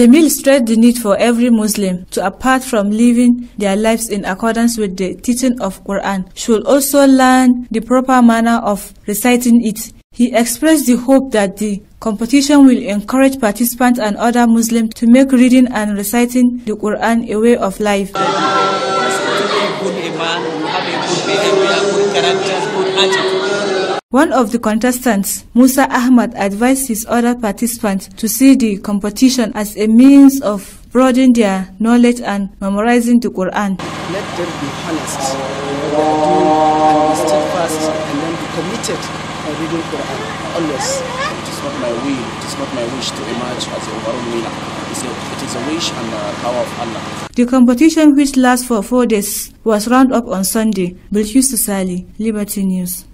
Jamil stressed the need for every Muslim to apart from living their lives in accordance with the teaching of Quran should also learn the proper manner of reciting it. He expressed the hope that the competition will encourage participants and other Muslims to make reading and reciting the Quran a way of life. Good iman, have a good behavior, good character, good attitude. One of the contestants, Musa Ahmad, advised his other participants to see the competition as a means of broadening their knowledge and memorizing the Quran. Let them be honest do and be steadfast and then be committed to reading Quran. Always. It is not my will, it is not my wish to emerge as a overall winner. It is a, wish and the power of Allah. The competition, which lasts for four days, was round up on Sunday. Bilkis Sali, Liberty News.